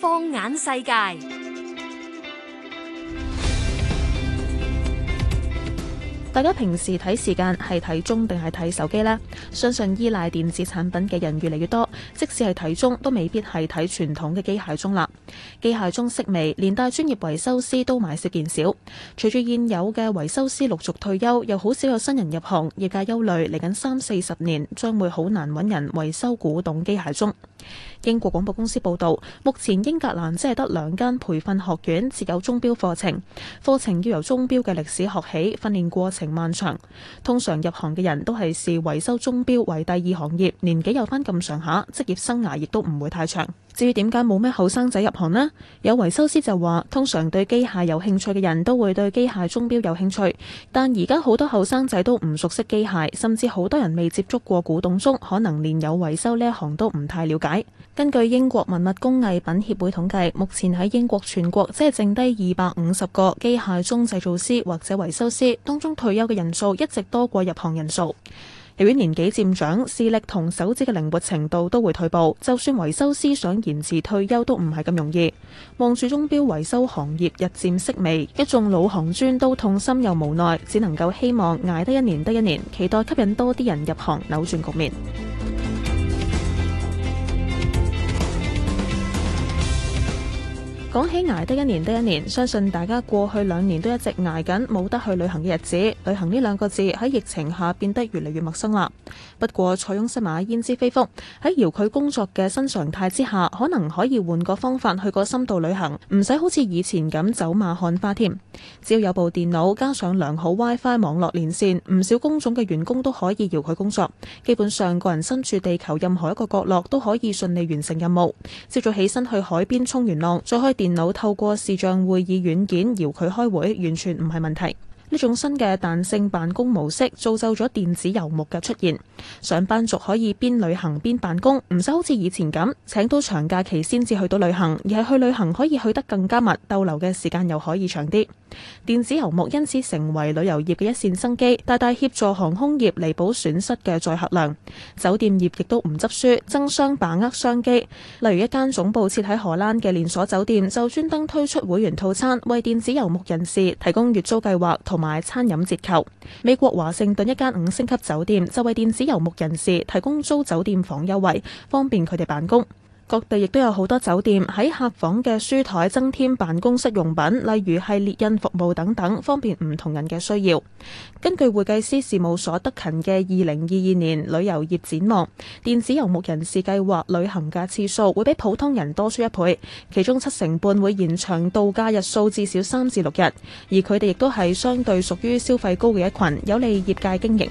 放眼世界。大家平時睇時間係睇鐘定係睇手機呢？相信依賴電子產品嘅人越嚟越多，即使係睇鐘都未必係睇傳統嘅機械鐘啦。機械鐘式微，連帶專業維修師都買少見少。隨住現有嘅維修師陸續退休，又好少有新人入行，業界憂慮嚟緊三四十年將會好難揾人維修古董機械鐘。英國廣播公司報道，目前英格蘭只係得兩間培訓學院設有鐘錶課程，課程要由鐘錶嘅歷史學起，訓練過程漫長。通常入行嘅人都係視維修鐘錶為第二行業，年紀有翻咁上下，職業生涯亦都唔會太長。至於點解冇咩後生仔入行呢？有維修師就話，通常對機械有興趣嘅人都會對機械鐘錶有興趣，但而家好多後生仔都唔熟悉機械，甚至好多人未接觸過古董鐘，可能連有維修呢一行都唔太了解。根據英國文物工藝品協會統計，目前喺英國全國即係剩低二百五十個機械鐘製造師或者維修師，當中退休嘅人數一直多過入行人數。由於年紀漸長，視力同手指嘅靈活程度都會退步，就算維修師想延遲退休都唔係咁容易。望住鐘錶維修行業日漸式微，一眾老行尊都痛心又無奈，只能夠希望捱得一年得一年，期待吸引多啲人入行，扭轉局面。講起捱得一年得一年，相信大家過去兩年都一直捱緊冇得去旅行嘅日子。旅行呢兩個字喺疫情下變得越嚟越陌生啦。不過塞翁失馬焉知非福，喺遙距工作嘅新常態之下，可能可以換個方法去個深度旅行，唔使好似以前咁走馬看花添。只要有部電腦加上良好 WiFi 網絡連線，唔少工種嘅員工都可以遙距工作。基本上個人身處地球任何一個角落都可以順利完成任務。朝早起身去海邊沖完浪，再開電腦透過視像會議軟件遙距開會，完全唔係問題。呢種新嘅彈性辦公模式，造就咗電子遊牧嘅出現。上班族可以邊旅行邊辦公，唔使好似以前咁請到長假期先至去到旅行，而係去旅行可以去得更加密，逗留嘅時間又可以長啲。電子遊牧因此成為旅遊業嘅一線生機，大大協助航空業彌補損，損失嘅載客量。酒店業亦都唔執輸，爭相把握商機。例如一間總部設喺荷蘭嘅連鎖酒店就專登推出會員套餐，為電子遊牧人士提供月租計劃同埋餐飲折扣。美國華盛頓一間五星級酒店就為電子遊牧人士提供租酒店房優惠，方便佢哋辦公。各地亦都有好多酒店喺客房嘅書台增添辦公室用品，例如係列印服務等等，方便唔同人嘅需要。根據會計師事務所德勤嘅二零二二年旅遊業展望，電子遊牧人士計劃旅行嘅次數會比普通人多出一倍，其中七成半會延長度假日數至少三至六日，而佢哋亦都係相對屬於消費高嘅一群，有利業界經營。